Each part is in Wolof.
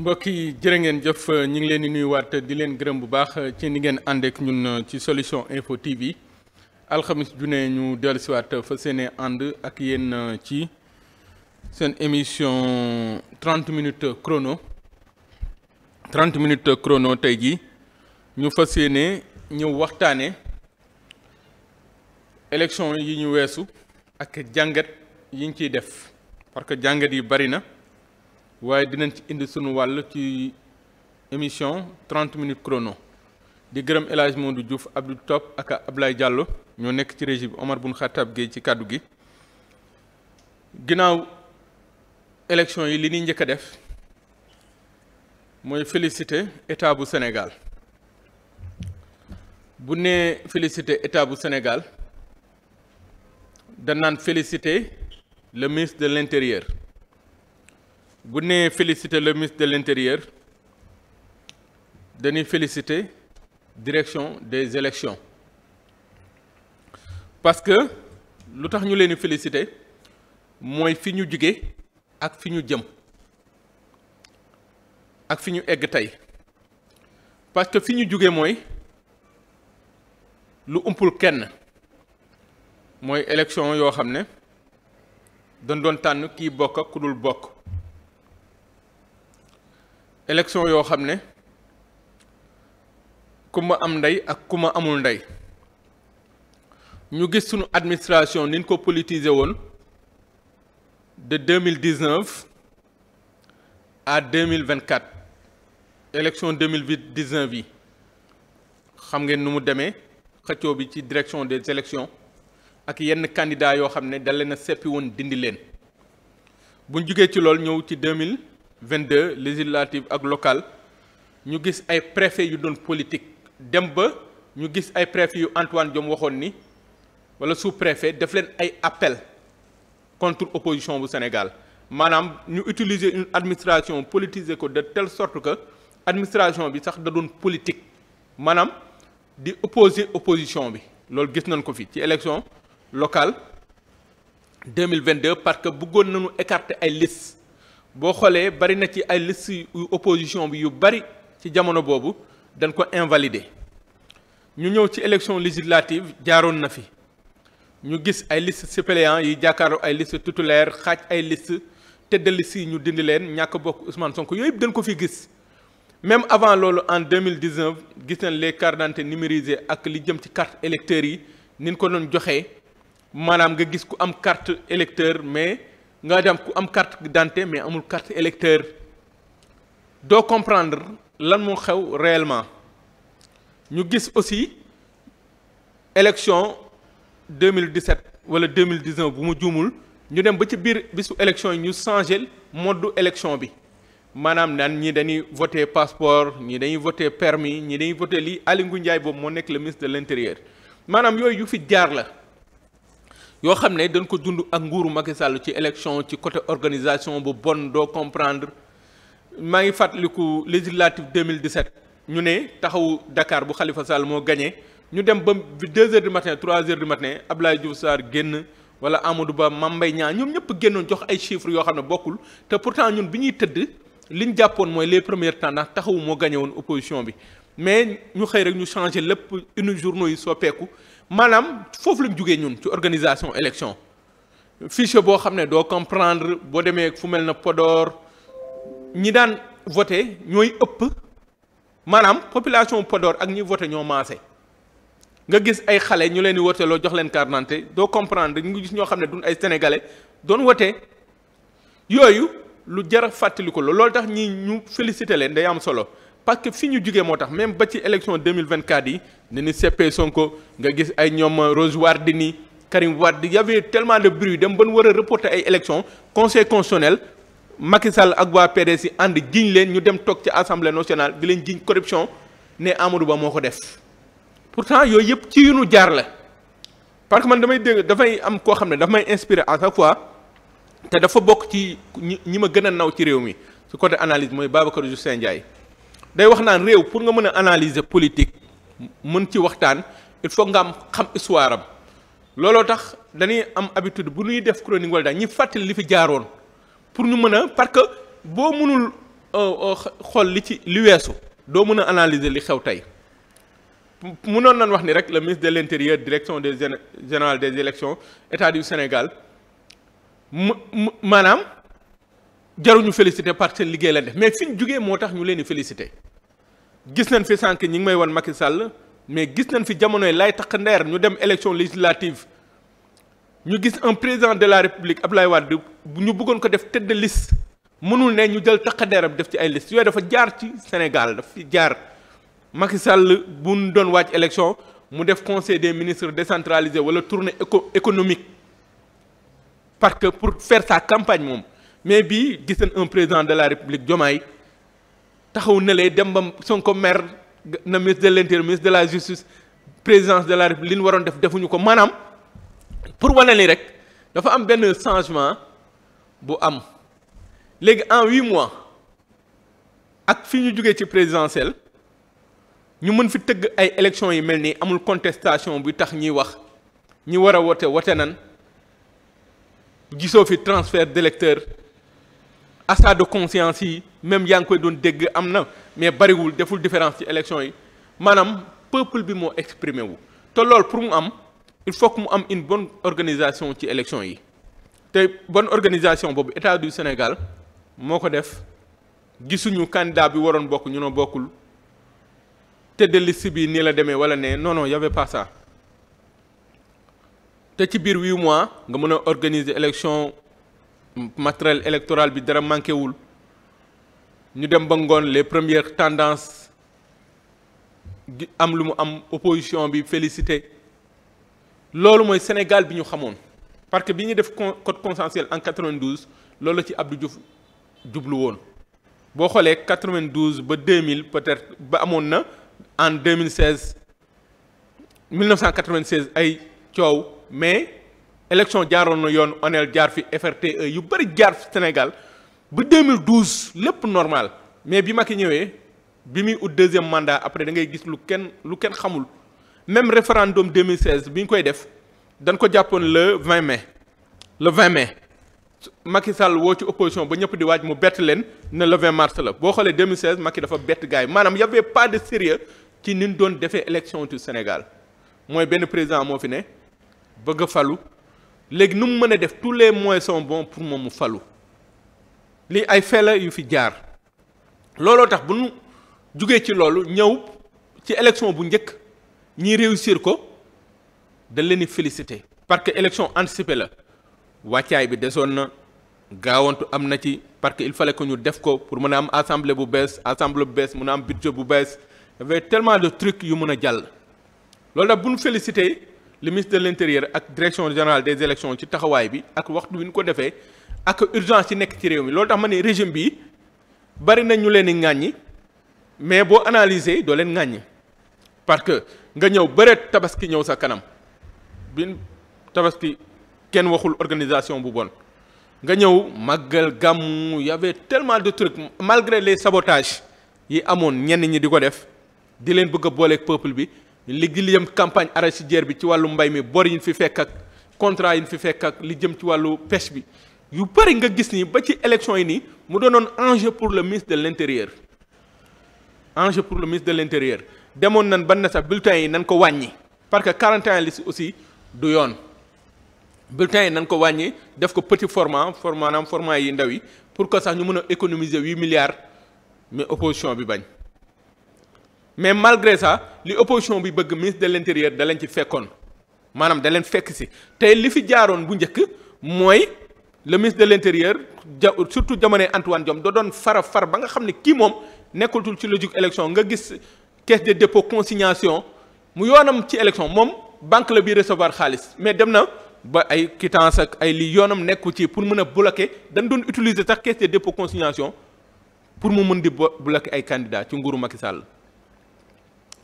mbokk yi jërë ngeen jëf ñu ngi leen di nuyuwaat di leen gërëm bu baax ci ni ngeen àndeek ak ñun ci solution info TV alxamis ju ne ñu dellusiwaat fa seen ànd ak yéen ci seen émission 30 minutes chrono 30 minutes chrono tey jii ñu fas yéene ñëw waxtaane élection yi ñu weesu ak jàngat yi ñu ciy def parce que jàngat yi bari na. waaye dinañ ci indi sunu wàll ci émission trente minutes crono di gërëm El Hadj Modou Diouf Abdou Top ak Ablaye Diallo ñoo nekk ci régie bi Omar Bun Khattab Gueye ci kàddu gi ginnaaw élection yi li ñuy njëkk a def mooy féliciter état bu Sénégal bu nee féliciter état bu Sénégal danaan félicité le ministre de l'intérieur bu nee féliciter le ministre de l'intérieur dañuy félicité direction des élections parce que lu tax ñu leen di mooy fi ñu jóge ak fi ñu jëm ak fi ñu egg tey parce que fi ñu jóge mooy lu umpul kenn mooy élection yoo xam ne dañ doon tànn kii bokk ku dul bokk élection yoo xam ne ku ma am ndey ak ku ma amul ndey ñu gis sunu administration niñ ñu ko politiser woon de deux mille dix neuf à deux mille vingt quatre élection deux mille dix neuf yi xam ngeen nu mu demee xëccoo bi ci direction des élections ak yenn candidats yoo xam ne da leen a seppi woon dindi leen buñ ñu jugee ci loolu ñëw ci deux mille 22 législative ak locale ñu gis ay préfet yu doon politique dem ba ñu gis ay préfet yu Antoine Diome waxoon ni wala sous-préfet def leen ay appel contre opposition bu Sénégal maanaam ñu utiliser une administration politiser ko de telle sorte que administration bi sax da doon politique maanaam di opposer opposition bi loolu gis nañ ko fi ci élection locale 2022 parce que bëggoon nañu écarter ay liste boo xoolee bari na ci ay liste yu opposition bi yu bari ci jamono boobu dañ ko invalider ñu ñëw ci élection législative jaaroon na fi ñu gis ay liste suppléant yi jàkkaarloo ay liste titulaire xaaj ay liste tête de liste yi ñu dindi leen ñàkk bokk Ousmane Sonko yooyu yëpp dañ ko fi gis même avant loolu en 2019 gis nañ les cartes d'identité numérisées ak li jëm ci carte électeurs yi ni ko doon joxe maanaam nga gis ku am carte électeur mais nga dem ku am carte d'identité mais amul carte électeur doo comprendre lan moo xew réellement ñu gis aussi élection 2017 wala 2019 bu mu juumul ñu dem ba ci biir bisu élection yi ñu changé mode élection bi maanaam naan ñii dañuy voté passeport ñii dañuy voté permis ñii dañuy voté lii alingu Ngouille boobu moo nekk le ministre de l'intérieur maanaam yooyu yu fi jaar la. yoo xam ne dañ ko dund ak nguuru Macky Sall ci élection ci côté organisation bu bon doo comprendre maa ngi fàttaliku mille dix 2017 ñu ne taxawu dakaar bu xalifa Sall moo gagné ñu dem ba deux heures du matin trois heures du matin Abdoulaye Diouf Sarr génn wala Amadou Ba Mame Mbaye Niang ñoom ñëpp génnoon jox ay chiffres yoo xam ne bokkul te pourtant ñun bi ñuy tëdd li ñu jàppoon mooy les première temps ndax taxawu moo gagné woon opposition bi mais ñu xëy rek ñu changé lépp une journaux yi soppeeku maanaam foofu lañ jugee ñun ci organisation élection fichier boo xam ne doo comprendre boo demee fu mel na podoor ñi daan voté ñooy ëpp maanaam population Podor ak ñi voté ñoo maase nga gis ay xale ñu leen di loo jox leen carte doo comprendre ñu gis ñoo xam ne dun ay sénégalais doon wote yooyu lu jar a fàttaliku la loolu tax ñi ñu félicité leen day am solo parce que fi ñu jugee moo tax même ba ci élection 2024 yi ne ni CP Sonko nga gis ay ñoom Rose Wardini Karim Wade di avait tellement de bruit dem ba nu war a reporter ay élection conseil constitutionnel Macky Sall ak waa PDS yi ànd jiiñ leen ñu dem toog ci assemblée nationale di leen jiñ corruption ne Amadou Ba moo ko def pourtant yooyu yëpp ci yu nu jaar la parce que man damay dégg dafay am koo xam ne daf may inspiré à chaque fois te dafa bokk ci ñi ma gën a naw ci réew mi su côté analyse mooy Babacar Justin Ndiaye. day wax naan réew pour nga mën a analyser politique mën ci waxtaan il faut nga am xam histoire am looloo tax dañuy am habitude bu nuy def chronique wala daal ñi fàttali li fi jaaroon pour ñu mën a parce que boo mënul euh, euh, xool li ci li weesu doo mën a analyser li xew tey mënoon naan wax ni rek le ministre de l'intérieur direction des générale des élections état du Sénégal mu maanaam jaruñu félicité parce que liggéey la def mais fi ñu jugee moo tax ñu leen di félicité gis nañ fi sànq ñi ngi may wan Macky Sall mais gis nañ fi jamonoy lay taq ndeer ñu dem élection législative ñu gis en président de la république Abdoulaye Wade ñu bëggoon ko def tête de mënul ne ñu jël taq ndeeram def ci ay liste yooyu dafa jaar ci Sénégal daf fi jaar Macky Sall bu ñu doon wàcc élection mu def conseil des ministres décentralisé wala tournée éco économique parce que pour faire sa mais bii gis nañ un président de la république Diomaye taxaw na lay dem ba Sonko maire na ministre de l'intérieur ministre de la justice présidence de la république li ñu waroon def defuñu ko maanaam pour wane ni rek dafa am benn changement bu am léegi en huit mois ak fi ñu jógee ci présidentielle ñu mën fi tëgg ay élections yi mel nii amul contestation bi tax ñuy wax ñi war a wote wote nan gisoo fi transfert d'électeurs assas de conscience yi même yaa ngi koy doon dégg am na mais bariwul deful différence ci élection yi maanaam peuple bi moo exprimé wu te lool pour mu am il faut que mu am une bonne organisation ci élection yi te bon organisation boobu état du Sénégal moo ko def gisuñu candidat bi waroon bokk ñu ne bokkul tëdd si bi nii la demee wala ne non non y avait te ci biir huit mois nga mën a organiser élection matériel électoral bi dara manqué wul ñu dem ba ngoon les premières tendances am lu mu am opposition bi félicité loolu mooy Sénégal bi ñu xamoon parce que bi ñu def code consensuel en 92 loolu la ci Abdou Diouf jublu woon boo xoolee 92 ba 2000 peut-être ba amoon na en 2016 1996 ay coow mais. élection jaaroon na yoon ONEL jaar fi FRTE yu bëri jaar fi Sénégal ba 2012 lépp normal mais bi Macky ñëwee bi muy ut deuxième mandat après da ngay gis lu kenn lu kenn xamul même référendum 2016 bi ñu koy def dañ ko jàppoon le 20 mai le 20 mai Macky Sall woo ci opposition ba ñëpp di waaj mu bett leen ne le 20 mars la boo xoolee 2016 Macky dafa bett gars yi maanaam y avait pas de sérieux ci ni ñu doon defee élection ci Sénégal mooy benn président moo fi ne bëgg a falu léegi nu mu mën a def tous les moyens sont bons pour moom mu falu lii ay fela yu fi jaar looloo tax bu nu jugee ci loolu ñëw ci élection bu njëkk ñi réussir ko da leen di félicité parce que élection anticipée la wàccaay bi desoon na gaawantu am na ci parce que il fale ko ñu def ko pour mën a am assemblée bu bees assemblée bu bees mën a am budget bu bees y avait de trucs yu mën a jàll loolu nag bu ñu félicité le ministre l' intérieur ak direction générale des élections ci taxawaay bi ak waxtu wi ñu ko defee ak urgence ci nekk ci réew mi loolu tax ma ne régime bi bari na ñu leen di ŋàññi mais boo analyser doo leen ŋàññi parce que nga ñëw bëree tabaski ñëw sa kanam bi tabaski kenn waxul organisation bu bon nga ñëw màggal gàmmu y avait tellement de trucs malgré les sabotages yi amoon ñenn ñi di ko def di leen bëgg a booleeg peuple bi. li gi campagne jëm campagne arachidière bi ci wàllu mbay mi bor yi ñu fi fekk ak contrat yi ñu fi fekk ak li jëm ci wàllu pêche bi yu bëri nga gis ni ba ci élection yi nii mu doon doonoon enjeu pour le ministre de l' intérieur enjeu pour le ministre de l' intérieur demoon nan ban na sax bulletins yi nan ko wàññi parce que 41 liste aussi du yoon bulletins yi nan ko wàññi def ko petit format format naam format yi ndaw yi pour que sax ñu mën a économiser 8 milliards mais opposition bi bañ. mais malgré sax li opposition bi bëgg ministre de l'intérieur da leen ci fekkoon maanaam da leen fekk si tey li fi jaaroon bu njëkk mooy le ministre de l'intérieur ja surtout jamonoy Antoine Diome da doon fara far ba nga xam ni kii moom nekkatul ci logique élection nga gis caisse de dépôt consignation mu yoonam ci élection moom banque la bi recevoir xaalis mais dem na ba ay quittance ak ay li yoonam nekku ci pour mun a bloquer dañ doon utiliser sax caisse de dépôt pour mu mën di bloquer ay candidats ci nguuru Sall.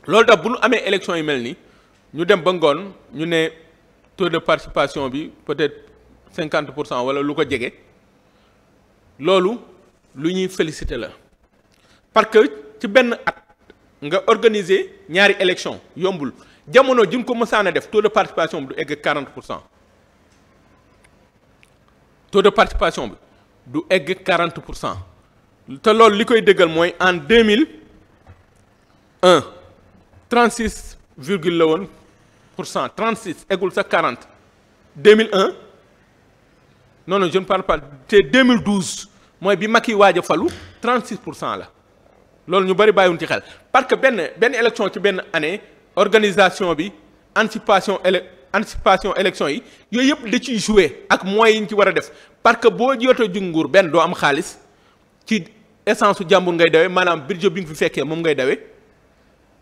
loolu tax bu ñu amee élection yu mel ni ñu dem ba ngoon ñu ne taux de participation bi peut-être cinquante pour cent wala lu ko jege loolu lu ñuy féliciter la parce que ci benn at nga organiser ñaari élection yombul jamono juñ ko mësaan a def taux de participation bi du egg quarante pour cent taux de participation bi du egg quarante pour cent te loolu li koy dëggal mooy en deux mille 36 virgule la woon pour cent 36 eggul sa 40 2001 non non je ne parle pas te 2012 mooy bi Macky waaj waaja falu 36 pour cent la loolu ñu bëri bàyyiwuñ ci xel parce que benn benn élection ci benn année organisation bi anticipation ele anticipation élection yi yooyu yëpp da ciy joué ak moyens yi ñu ci war a def parce que boo jotee junguur benn doo am xaalis ci essence su jàmbur ngay dawee maanaam budget bi nga fi fekkee moom ngay dawee.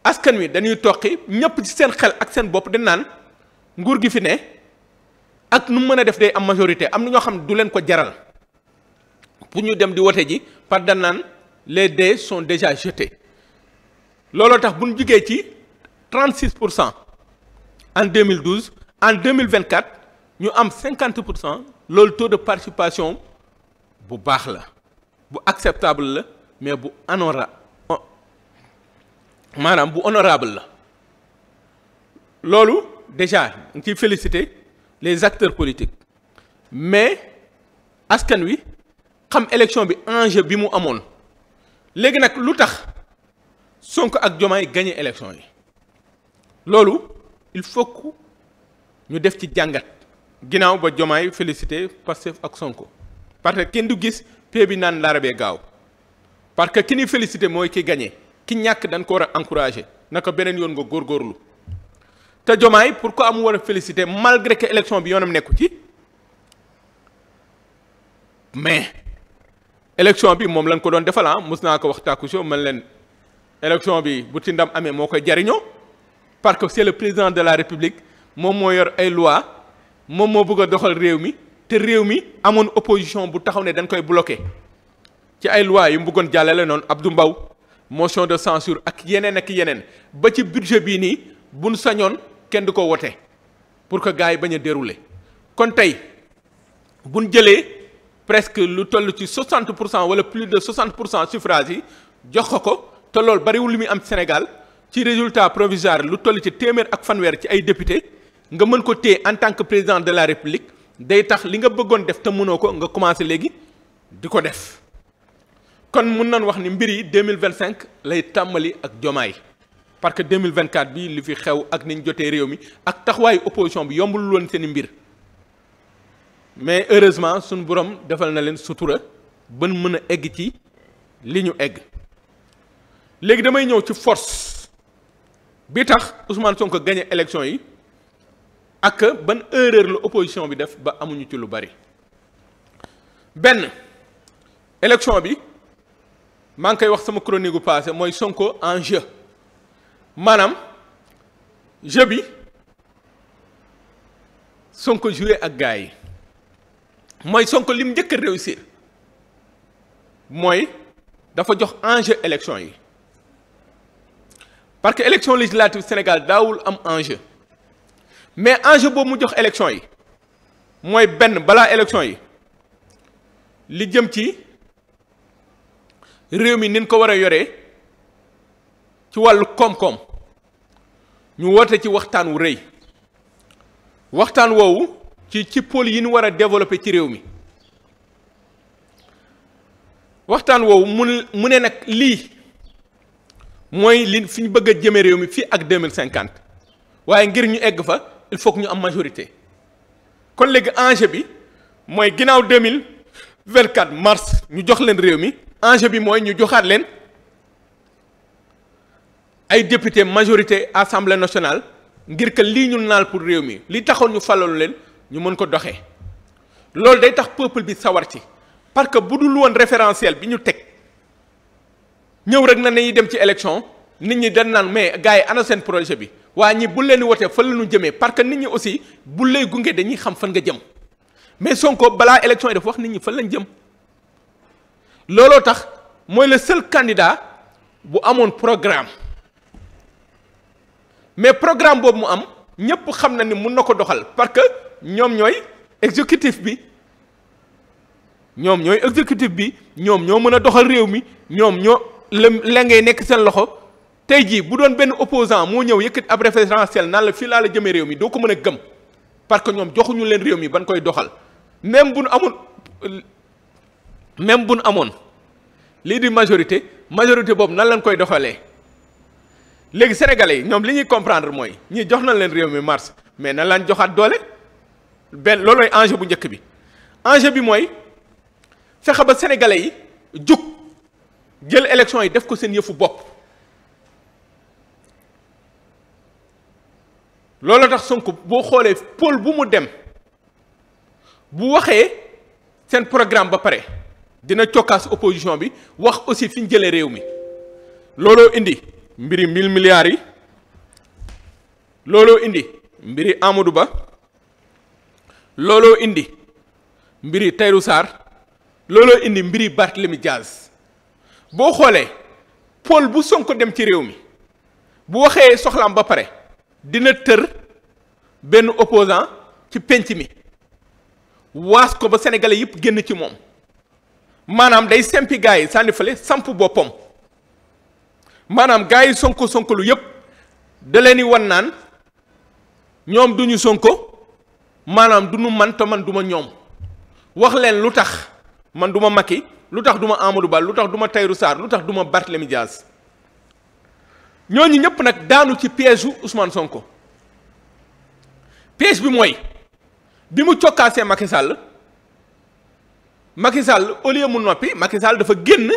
askan wi dañuy toqi ñëpp ci seen xel ak seen bopp di naan nguur gi fi ne ak nu mu mën a def day am majorité am na ñoo xam ne du leen ko jaral pour ñu dem di wote ji par da naan les des sont déjà jetés looloo tax bu ñu jugee ci 36 pour cent en 2012 en 2024 ñu am 50 pour cent loolu taux de participation bu baax la bu acceptable la mais bu anora maanaam bu honorable la loolu déjà ngi ciy félicité les acteurs politiques mais askan wi xam élection bi enjeu bi mu amoon léegi nag lu tax Sonko ak Diomaye gagné élection yi loolu il faut ñu def ci jàngat ginnaaw ba Diomaye féliciter Pastef ak Sonko parce que kenn du gis pee bi naan larabee gaaw parce que ki ñuy féliciter mooy ki gañe ki ñàkk dañ ko war a encouragé naka beneen yoon nga góorgóorlu te jomaay pour ko am war a félicité malgré que élection bi yoonam nekku ci mais élection bi moom lañ ko doon defal ah, mos naa ko wax tàkku si man leen élection bi bu ci ndam amee moo koy jariñoo parce que c'est le président de la république moom moo yor ay loi moom moo bëgg a doxal réew mi te réew mi amoon opposition bu taxaw ne dañ koy bloqué ci ay loi yu mu bëggoon jàllale noonu Abdou Mbow motion de censure ak yeneen ak yeneen ba ci budget bii nii buñ sañoon kenn du ko wote pour que gars yi bañ a dérouler kon tey buñ jëlee presque lu toll ci 60 pour cent wala plus de 60 pour cent suffrage yi jox ko ko te loolu bariwul li muy am Sénégal ci résultat provisoire lu toll ci téeméer ak fanweer ci ay député nga mën ko té en tant que président de la république day tax li nga bëggoon def te mënoo ko nga commencé léegi di ko def kon mun nañ wax ni mbir yi 2025 lay tàmbali ak jomaay parce que 2024 bi li fi xew ak niñ jotee réew mi ak taxawaayu opposition bi yombul woon seen i mbir mais heureusement suñu borom defal na leen sutura ban mën a egg ci li ñu egg léegi damay ñëw ci force bi tax Ousmane Sonko gagné élection yi ak ban erreur la opposition bi def ba amuñu ci lu bari benn élection bi. maa ngi koy wax sama chronique bu passé mooy Sonko en jeu maanaam jeu bi Sonko joué ak gars yi mooy Sonko lim njëkk a réussir mooy dafa jox enjeu élection yi parce que élection législative Sénégal daawul am enjeu mais enjeu boobu mu jox élection yi mooy benn balaa élection yi li jëm ci. réew mi nin ko war a yoree ci wàllu koom-koom ñu woote ci waxtaan wu rëy waxtaan woowu ci ci pôle yi ñu war a développer ci réew mi waxtaan woowu mu ne nag lii mooy li fi ñu bëgg a jëme réew mi fii ak deux mille cinquante waaye ngir ñu egg fa il faut que ñu am majorité kon léegi enjeu bi mooy ginnaaw deux mille vingt quatre mars ñu jox leen réew mi enjeu bi mooy ñu joxaat leen ay député majorité assemblée nationale ngir que lii ñu naal pour réew mi li taxoon ñu falalu leen ñu mën ko doxe loolu day tax peuple bi sawar ci parce que bu dul woon référentiel bi ñu teg ñëw rek na nañuy dem ci élection nit ñi dañ naan mais gars yi ana seen projet bi waaye ñi bu leen wotee fan la ñu jëmee que nit ñi aussi bu lay gunge dañuy xam fan nga jëm mais Sonko balaa élection yi daf wax nit ñi fan lañ jëm. looloo tax mooy le seul candidat bu amoon programme mais programme boobu mu am ñépp xam na ni mun na ko doxal parce que ñoom ñooy exécutif bi ñoom ñooy exécutif bi ñoom ñoo mën a doxal réew mi ñoom ñoo la ngay nekk seen loxo tey jii bu doon benn opposant moo ñëw yëkkat ab référentiel naan la fii laa la jëmee réew mi doo ko mën a gëm parce que ñoom joxuñu leen réew mi ban koy doxal même bu nu amoon même nu amoon lii di majorité majorité boobu nan lañ koy doxalee léegi sénégale yi ñoom li ñuy comprendre mooy ñii jox nañ leen réew mi mars mais na lañ joxaat doole benn loolooy enjeu bu njëkk bi enjeu bi mooy fexe ba sénégalais yi jug jël élection yi def ko seen yëfu bopp loolu tax Sonko boo xoolee pôle bu mu dem bu waxee seen programme ba pare dina cokkaas opposition bi wax aussi fi ñu jëlee réew mi looloo indi mbir mbiri mille milliards yi looloo indi mbir mbiri Amadou Ba looloo indi mbir mbiri Tahirou Sarr looloo indi mbir mbiri Barthélemy Diaz boo xoolee pôle bu Sonko dem ci réew mi bu waxee soxlaam ba pare dina tër benn opposant ci penc mi waas ko ba sénégalais yëpp génn ci moom maanaam day sempi gars yi sànni fale samp boppam maanaam gars yi sonko sonko lu yëpp da leen di wan naan ñoom duñu sonko maanaam du ñu man duma man ñoom wax leen lu tax man du ma Macky lu tax du ma Amadou Ba lu tax du ma Tahirou Sarr lu tax du ma Barthélémy Dias ñooñu ñëpp nag daanu ci piège u Ousmane Sonko piège bi mooy bi mu cokkaasee Macky sàll Macky Sall au lieu mu noppi Macky dafa génn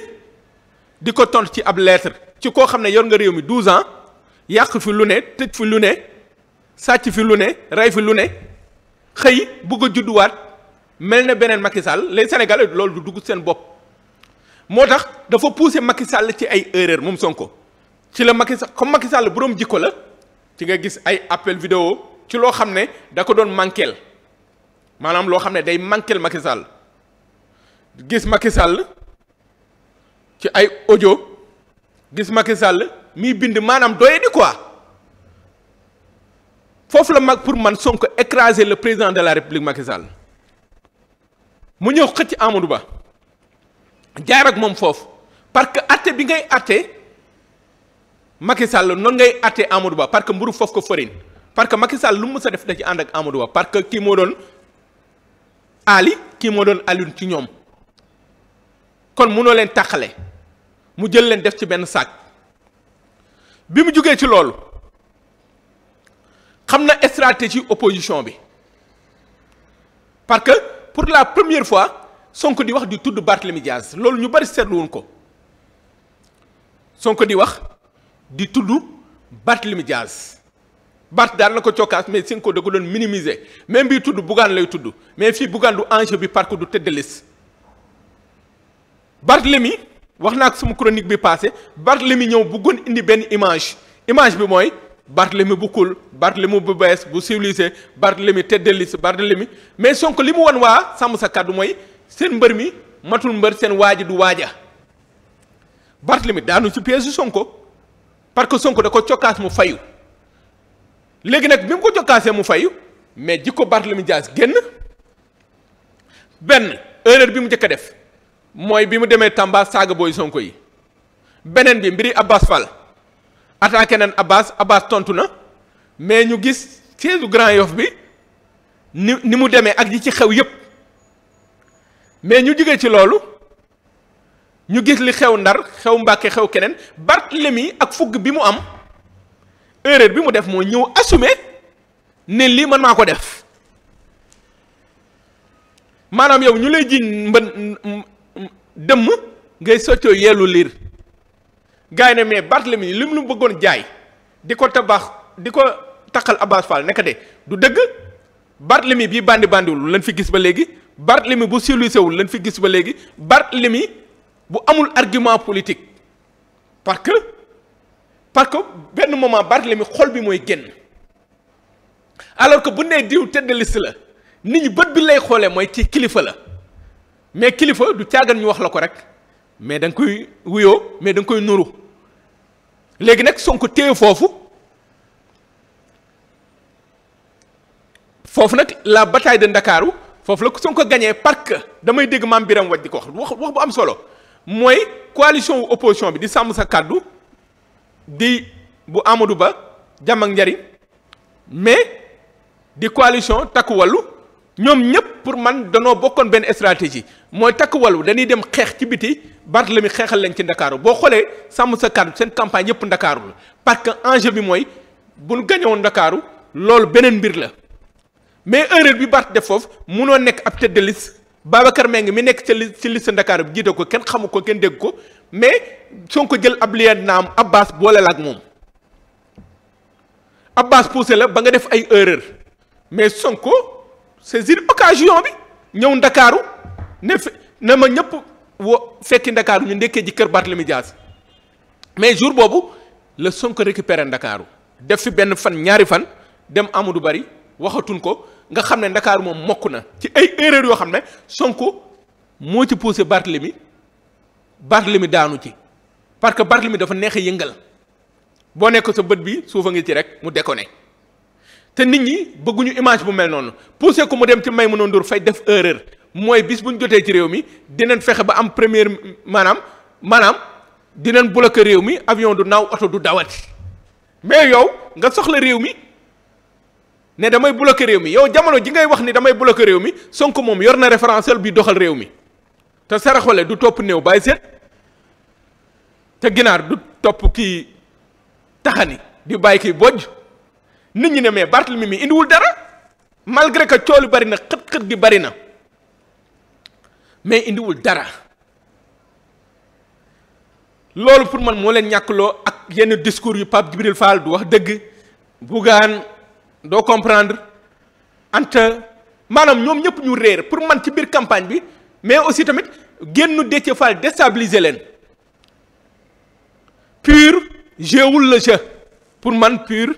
di ko tontu ci ab lettre ci koo xam ne yor nga réew mi 12 ans yàq fi lu ne tëj fi lu ne sàcc fi lu ne rey fi lu ne xëy bugg a judduwaat mel ne beneen Macky Sall les Sénégalais loolu du dugg seen bopp. moo tax dafa pousser Macky Sall ci ay erreur moom Sonko ci la Macky Sall comme Macky Sall boroom jikko la ci nga gis ay appel vidéo ci loo xam ne da ko doon manqueel maanaam loo xam ne day manqueel Macky gis Macky Sall ci ay ojo gis Macky Sall miy bind maanaam doye di quoi foofu la mag pour man Sonko écraser le président de la République Macky mu ñëw xëcc Amadou Ba jaar ak moom foofu parce que atte bi ngay atte Macky Sall noonu ngay atte Amadou Ba parce que mburu foofu ko fërin parce que Macky lu mu sa def de ci ànd ak Amadou Ba parce que kii moo doon Ali kii moo doon Alioune ci ñoom kon mënoo leen tàqale mu jël leen def ci benn saak bi mu jógee ci loolu xam na stratégie opposition bi parce que pour la première fois sonk di wax di tudd Barthélemy Diaz loolu ñu bari seetluwuñ ko Sonko di wax di tudd Barthélemy Diaz Barth daan na ko cokkaas mais Sonko da ko doon minimiser même bii tudd Bougane lay tudd mais fii Bougane du enjeu bi parce que du tëdd Barthélemy wax naa ak suma chronique bi passé Barthélemy ñëw bëggoon indi benn image image bi mooy Barthélemy bu cool Barthélemy bu bees bu civilisé Barthélemy tête de liste Barthélemy mais Sonko li mu wan waa sàmm sa kàddu mooy seen mbër mi matul mbër seen waaji du waaja Barthélemy daanu ci piège Sonko parce que Sonko da ko cokkaas mu fayu léegi nag bi mu ko cokkaasee mu fayu mais jikko Barthélemy Dias génn benn erreur bi mu njëkk a def mooy bi mu demee Tamba saaga booy Sonko yi beneen bi mbiri Abbas Fall attaqué nañ Abbas Abbas tontu na mais ñu gis siège Grand Yoff bi ni ni mu demee ak yi ci xew yépp mais ñu jóge ci loolu ñu gis li xew Ndar xew Mbàkke xew keneen Barthélemy ak fugg bi mu am erreur bi mu def moo ñëw assumer ne lii man maa ko def maanaam yow ñu lay jiiñ mbën dëmm ngay soccoo yeelu liir gars yi ne mais li lim lu bëggoon jaay di ko tabax di ko taqal Abass Fall nekk de du dëgg Barthélemy bii bandi bandiwul lañ fi gis ba léegi Barthélemy bu siluisewul lan fi gis ba léegi Barthélemy bu amul argument politique parce que parce que benn moment Barthélemy xol bi mooy génn alors que bu nee diw tëdd liste la nit ñi bët bi lay xoolee mooy ci kilifa la. mais kilifa du caagan ñu wax la ko rek mais danga koy wuyoo mais danga koy nuru léegi nag Sonko téye foofu foofu nag la bataille de Ndakaaru foofu la Sonko gagné parce que damay dégg maam Biram Waj di ko wax wax bu am solo mooy coalition wu opposition bi di sàmm sa kàddu di bu Amadou Ba jàmm njari mais di coalition takku ñoom ñëpp pour man danoo bokkoon benn stratégie mooy takk wallu dañuy dem xeex ci biti la mi xeexal lañ ci ndakaaru boo xoolee sàmm sa kàddu seen campagne yëpp ndakaaru la parce que enjeu bi mooy bu nu gañewoon ndakaaru loolu beneen mbir la mais erreur bi Barth def foofu munoo nekk ab tête de liste Babacar Mbengue mu nekk ci li ci liste ndakaaru bi jiite ko kenn xamu ko kenn dégg ko mais soo ko jël ab lien am Abbas boole la ak moom Abbas poussé la ba nga def ay erreur mais Sonko saisir occasion bi ñëw ndakaaru ne ne ma ñëpp wo fekki ndakaaru ñu ndekkee ji kër Barthélemy Dias mais jour boobu la Sonko récupéré ndakaaru def fi benn fan ñaari fan dem du Bari waxatun ko nga xam ne ndakaaru moom mokk na ci ay erreur yoo xam ne Sonko moo ci poussé Barthélemy Barthélemy daanu ci parce que Barthélemy dafa neex a yëngal boo nekk sa bët bi suuf a ngi ci rek mu déconné te nit ñi bëgguñu image bu mel noonu poussé ko mu dem ci may Maimouna Ndour fay def erreur mooy bis bu ñu jotee ci réew mi dinan fexe ba am première maanaam maanaam dinañ bloqué réew mi avion du naaw oto du dawati mais yow nga soxla réew mi ne damay bloqué réew mi yow jamono ji ngay wax ni damay bloqué réew mi Sonko moom yor na référentiel bi doxal réew mi te saraxole du topp néew bàyyi seet te ginaar du topp kii taxani di bàyyi kii bojj. nit ñi ne mais Barthélemy mi mi indiwul dara malgré que coow li bari na xët-xët gi bari na mais indiwul dara loolu pour man moo leen ñàkkloo ak yenn discours yu Pape Djibril Fall du wax dëgg Bougane doo comprendre Anta maanaam ñoom ñëpp ñu réer pour man ci biir campagne bi mais aussi tamit génn Déthié Fall déstabiliser leen pur jéewul le jeu pour man pur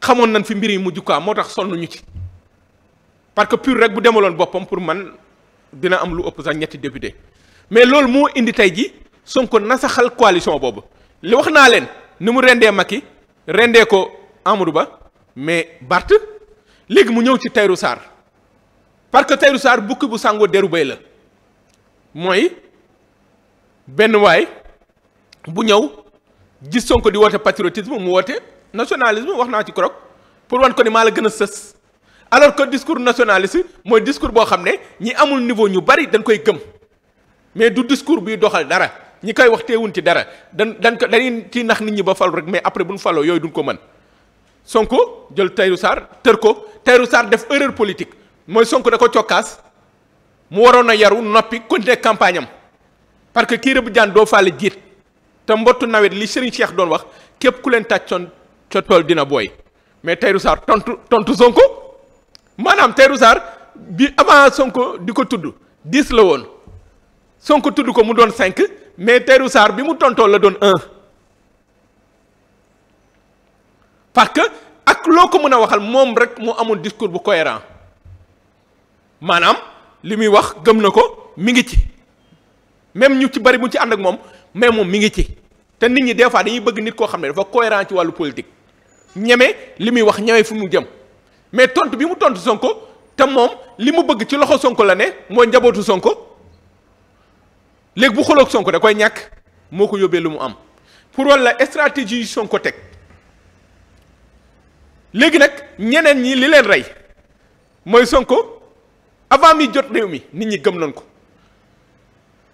xamoon nañ fi mbir yi mu quoi moo tax sonn ñu ci parce que pur rek bu demaloon boppam pour man dina am lu ëpp sax ñetti député mais loolu moo indi tey ji Sonko nasaxal coalition boobu li wax naa leen ni mu rendee Macky rendee ko Amadou Ba mais Bart léegi mu ñëw ci Tayrou Sarr parce que Tayrou Sarr bukki bu sangoo deru bay la mooy benn waay bu ñëw gis Sonko di woote patriotisme mu woote nationalisme wax naa ci krog pour wan ko ni maa la gën a sës alors que discours nationaliste mooy discours boo xam ne ñi amul niveau ñu bari dañ koy gëm mais du discours biy doxal dara ñi koy wax teewuñ ci dara dan dañ ko dañuy ci nax nit ñi ba falu rek mais après bu ñu faloo yooyu duñ ko mën sonk jël Tahirou Sarr tër ko Tahirou Sarr def erreur politique mooy sonk da ko cokkaas mu waroon a yaru noppi continuer campagne am parce que kii rëbb jaan doo faale jiit te mbottu nawet li Serigne doon wax képp ku leen tàccoon ca tool dina booy mais Tahirou Sarr tontu tontu Sonko maanaam Tahirou Sarr bi avant Sonko di ko tudd dix la woon Sonko tudd ko mu doon cinq mais Tahirou Sarr bi mu tontoo la doon un parce que ak loo ko mën a waxal moom rek mu amul discours bu cohérent maanaam li muy wax gëm na ko mi ngi ci même ñu ci bari mu ci ànd ak moom mais moom mi ngi ci te nit ñi des fois dañuy bëgg nit koo xam ne dafa cohérent ci wàllu politique ñeme li muy wax ñeme fu mu jëm mais tontu bi mu tontu Sonko te moom li mu bëgg ci loxo Sonko la ne mooy njabootu Sonko léegi bu xoloog Sonko da koy ñàkk moo ko yóbbee lu mu am pour walla stratégie yu teg léegi nag ñeneen ñi li leen rey mooy Sonko avant mi jot réew mi nit ñi gëm nañ ko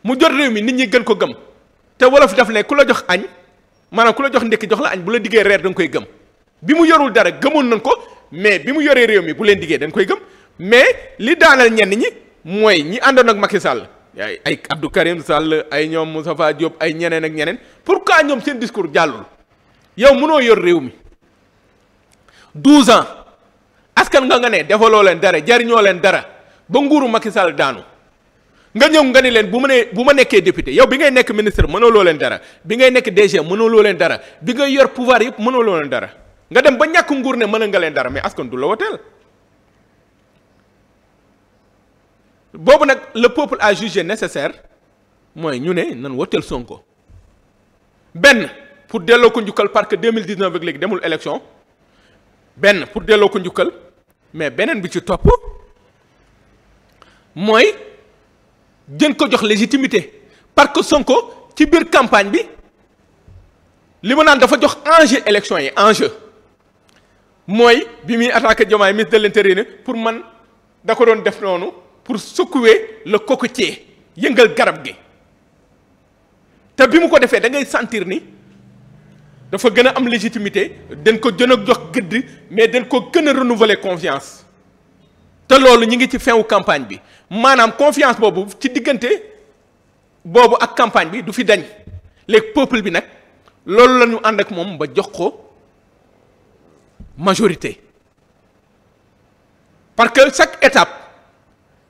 mu jot réew mi nit ñi gën ko gëm te wolof daf ne ku la jox añ maanaam ku la jox ndekki jox la añ bu la diggee reer da nga koy gëm bi mu yorul dara gëmoon nañ ko mais bi mu yoree réew mi bu leen diggee dañ koy gëm mais li daanal ñenn ñi mooy ñi àndoon ak Macky Sall ay ay Abdou Karim Sall ay ñoom Moustapha Diop ay ñeneen ak ñeneen pourquoi ñoom seen discours jàllul yow mënoo yor réew mi 12 ans askan nga nga ne defaloo leen dara jariñoo leen dara ba nguuru Macky Sall daanu nga ñëw nga ni leen bu ma bu ma nekkee député yow bi ngay nekk ministre mënoo loo leen dara bi ngay nekk DG mënoo loo leen dara bi ngay yor pouvoir yëpp mënoo dara. nga dem ba ñàkk nguur ne mën nga leen dara mais askan du la woteel boobu nag le peuple a jugé nécessaire mooy ñu ne nan woteel Sonko benn pour delloo ko njukkal parce que 2019 ak léegi demul élection benn pour delloo ko njukkal mais beneen bi ci topp mooy jën ko jox légitimité parce que Sonko ci biir campagne bi li ma naan dafa jox enjeu élection yi enjeu mooy bi muy attaqué Diomaye ministre de l'intérieur pour man da ko doon def noonu pour secouer le cocotier yëngal garab gi te bi mu ko defee da ngay sentir ni dafa gën a am légitimité dañ ko jën a jox gëdd mais dañ ko gën a renouveler confiance te loolu ñu ngi ci fin campagne bi maanaam confiance boobu ci diggante boobu ak campagne bi du fi dañ léegi peuple bi nag loolu la ñu ànd ak moom ba jox ko. majorité parce que chaque étape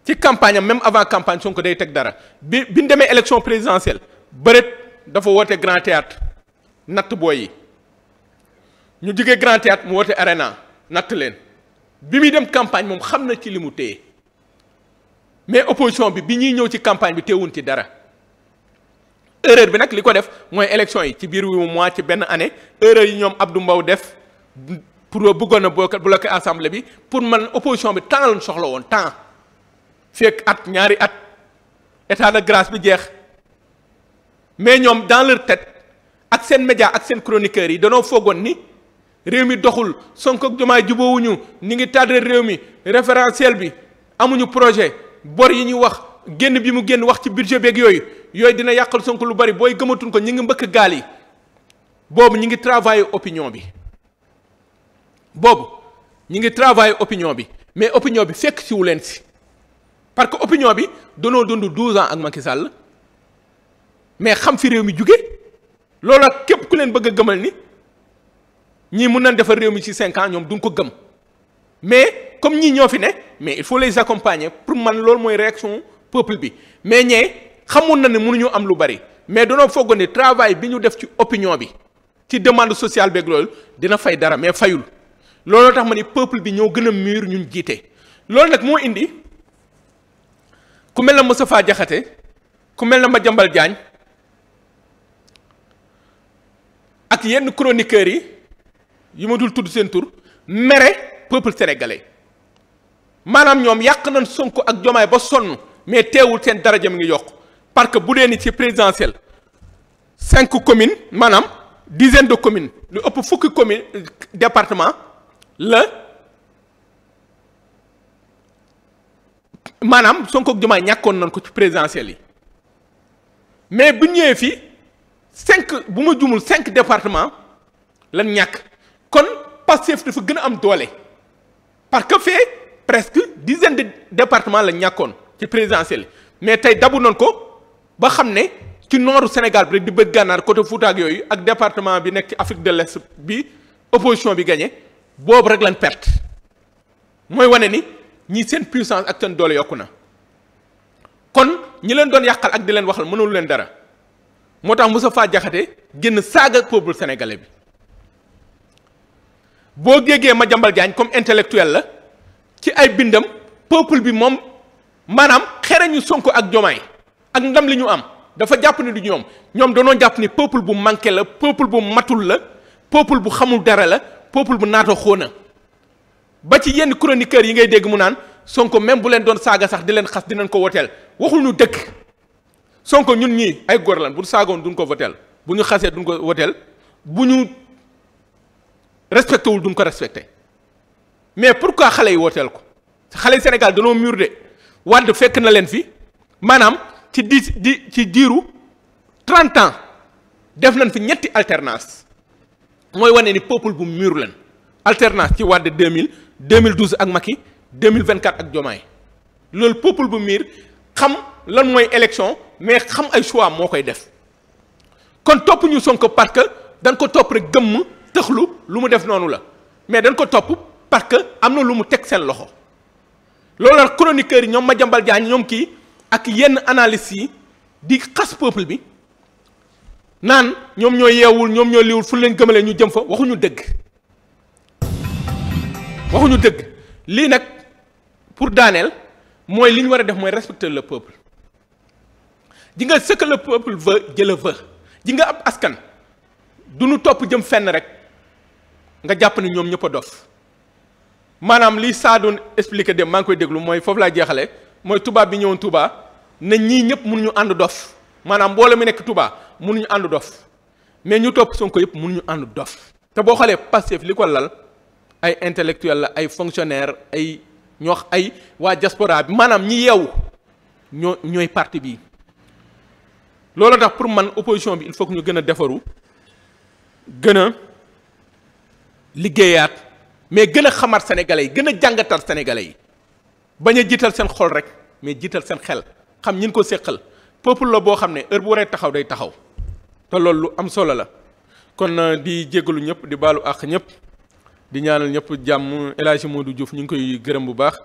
ci campagne am même avant campagne ko day teg dara bi bi ñu demee élection présidentielle bëreet dafa woote grand théâtre natt booy yi ñu jógee grand théâtre mu woote arena natt leen bi muy dem campagne moom xam na ci li mu téye mais opposition bi bi ñuy ñëw ci campagne bi téewun ci dara erreur bi nag li ko def mooy élection yi ci biir wi mois ci benn année erreur yi ñoom Abdou mbaw def pour bëggoon a bloquer assemblée bi pour man opposition bi temps lañ soxla woon temps fekk at ñaari at état de grâce bi jeex mais ñoom dans leur tête ak seen média ak seen chroniqueurs yi danoo foogoon ni réew mi doxul Sonko ak Diomaye jubóowuñu ni ngi tardé réew mi référentiel bi amuñu projet bor yi ñuy wax génn bi mu génn wax ci budget beeg yooyu yooyu dina yàqal sonk lu bari booy gëmatuñ ko ñi ngi mbëkk gaal yi boobu ñi ngi travailler opinion bi boobu ñu ngi travailler opinion bi mais opinion bi fekk wu leen si parce que opinion bi danoo dund 12 ans ak Macky Sall mais xam fi réew mi jóge loola képp ku leen bëgg a gëmal ni ñii mun nañ defar réew mi ci cinquant ans ñoom duñ ko gëm mais comme ñii ñoo fi ne mais il faut les accompagner pour man loolu mooy réaction peuple bi mais ñee xamoon na ne mënuñu am lu bari mais danoo foog ne travail bi ñu def ci opinion bi ci demande sociale beeg loolu dina fay dara mais fayul looloo tax ma ni peuple bi ñoo gën a mûr ñun jiite loolu nag moo indi ku mel na Moustapha Diakhaté ku mel na Madiambal Diagne ak yenn chroniqueurs yi yu ma dul tudd seen tur mere peuple sénégalais maanaam ñoom yàq nañ Sonko ak Jomaay ba sonn mais teewul seen daraja mi ngi yokk parce que bu dee ni ci présidentiel cinq communes maanaam dizaine de commune lu ëpp fukki commune département la maanaam son ak Diomaye ñàkkoon nañ ko ci présidentielles yi mais bu ñëwee fii cinq bu ma jumul cinq département lan ñàkk kon Pastef dafa gën a am doole parce que fee presque dizaine de département lañ ñàkkoon ci présidentielles yi mais tey dabu nañ ko ba xam ne ci nooru Sénégal bi rek di bëj gànnaar côté Fouta yooyu ak département bi nekk ci Afrique de l'Est bi opposition bi gagné boobu rek lan perte mooy wane ni ñi seen puissance ak seen doole yokku na kon ñi leen doon yàqal ak di leen waxal mënul leen dara moo tax Moustapha Diakhaté génn saaga peuple sénégalais bi boo ma Madiambal Diagne comme intellectuel la ci ay bindam peuple bi moom maanaam xereñu Sonko ak Diomaye ak ndam li ñu am dafa jàpp ni du ñoom ñoom danoo jàpp ni peuple bu manqué la peuple bu matul la peuple bu xamul dara la peuple bu naatoo xóona ba ci yenn chroniqueur yi ngay dégg mu naan Sonko même bu leen doon saaga sax di leen xas dinañ ko woteel waxul ñu dëkk Sonko ñun ñii ay góor lan bu ñu saagoon duñ ko woteel bu ñu xasee duñ ko woteel bu ñu respecté wul duñ ko respecté mais pour pourquoi xale yi woteel ko xale yi Sénégal danoo mur de Wàdd fekk na leen fi maanaam ci di di ci diiru 30 ans def nañ fi ñetti alternance mooy wane ni peuple bu mur leen alternance ci Wade 2000 2012 ak Macky 2024 ak Diomaye loolu peuple bu mur xam lan mooy élection mais xam ay choix moo koy def kon topp ñu Sonko parce que dañ ko topp rek gëmm tëxlu lu mu def noonu la mais dañ ko topp parce que am na lu mu teg seen loxo loolu la chroniqueurs yi ñoom Madiambal Diagne ñoom kii ak yenn analyses yi di xas peuple bi naan ñoom ñoo yeewul ñoom ñoo liwul fu leen gëmale ñu jëm fa waxuñu dëgg waxuñu dëgg lii nag pour daaneel mooy li ñu war a def mooy respecter le peuple ji nga ce que le peuple veut je ji nga ab askan du nu topp jëm fenn rek nga jàpp ne ñoom ñëpp a dof maanaam li saa doon expliqué dem maa ngi koy déglu mooy foofu laa jeexale mooy tubaab bi ñëwoon Touba na ñii ñëpp mënuñu ànd dof maanaam mboole mi nekk Touba mënuñu ànd dof mais ñu topp Sonko yëpp mënuñu ànd dof te boo xoolee Pastef li ko lal ay intellectuel la ay fonctionnaire ay ñu wax ay waa diaspora bi maanaam ñi yeewu ñoo ñooy parti bi loolu tax pour man opposition bi il faut que ñu gën a defaru gën a liggéeyaat mais gën a xamaat sénégalais yi gën a jàngatal sénégalais yi bañ a jiital seen xool rek mais jiital seen xel xam ñin ko séqal peuple la boo xam ne heure bu waree taxaw day taxaw te loolu lu am solo la kon euh, di jéggalu ñëpp di baalu àq ñëpp di ñaanal ñëpp jàmm El Hadji du Diouf ñu ngi koy gërëm bu baax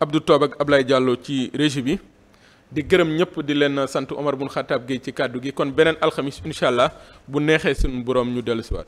Abdou Toob ab Ablaye jàlloo ci régie bi di gërëm ñëpp di leen sant Omar bun Xataab Gueye ci kàddu gi kon beneen alxamis incha allah bu neexee suñu boroom ñu dellusiwaat